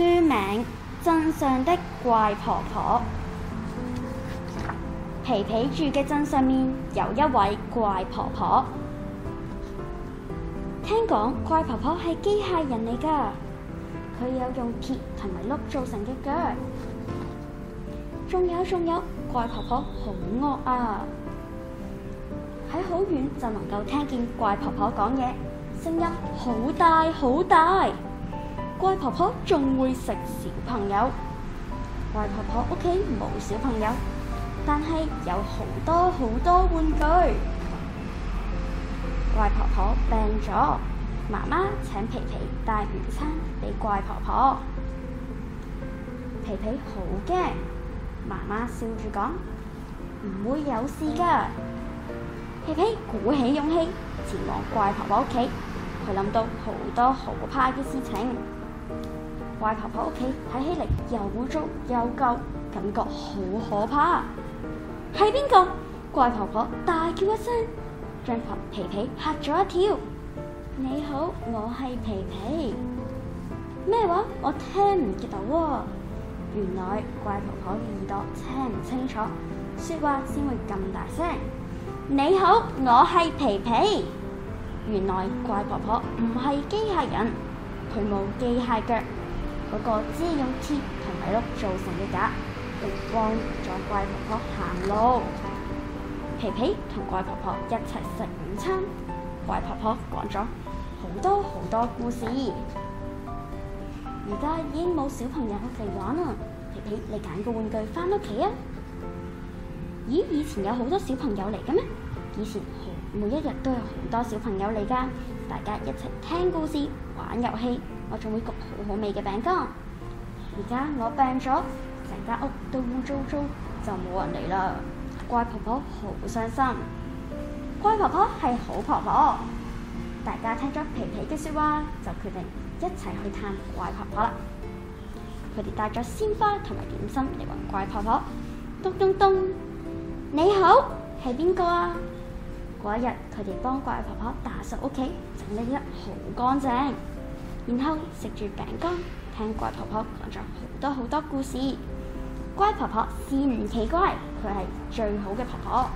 書名：鎮上的怪婆婆。皮皮住嘅鎮上面有一位怪婆婆。聽講怪婆婆係機械人嚟㗎，佢有用鐵同埋碌做成嘅腳。仲有仲有，怪婆婆好惡啊！喺好遠就能夠聽見怪婆婆講嘢，聲音好大好大。怪婆婆仲會食小朋友，怪婆婆屋企冇小朋友，但係有好多好多玩具。怪婆婆病咗，媽媽請皮皮帶午餐俾怪婆婆。皮皮好驚，媽媽笑住講：唔會有事噶。皮皮鼓起勇氣前往怪婆婆屋企，佢諗到好多好怕嘅事情。怪婆婆屋企睇起嚟，又污糟又舊，感覺好可怕。係邊個？怪婆婆大叫一聲，將婆皮皮嚇咗一跳。你好，我係皮皮。咩話？我聽唔到喎。原來怪婆婆嘅耳朵聽唔清楚，說話先會咁大聲。你好，我係皮皮。原來怪婆婆唔係機械人。佢冇機械腳，嗰、那個只用鐵同米碌做成嘅架，幫咗怪婆婆行路。皮皮同怪婆婆一齊食午餐，怪婆婆講咗好多好多故事。而家已經冇小朋友嚟玩啦，皮皮，你揀個玩具返屋企啊？咦，以前有好多小朋友嚟嘅咩？以前每一日都有好多小朋友嚟㗎，大家一齊聽故事、玩遊戲，我仲會焗好好味嘅餅乾。而家我病咗，成間屋都污糟糟，就冇人嚟啦。怪婆婆好傷心。怪婆婆係好婆婆，大家聽咗皮皮嘅說話，就決定一齊去探怪婆婆啦。佢哋帶咗鮮花同埋點心嚟問怪婆婆，咚咚咚，你好，係邊個啊？嗰一日，佢哋幫怪婆婆打掃屋企，整理得好乾淨，然後食住餅乾，聽怪婆婆講咗好多好多故事。怪婆婆先唔奇怪，佢係最好嘅婆婆。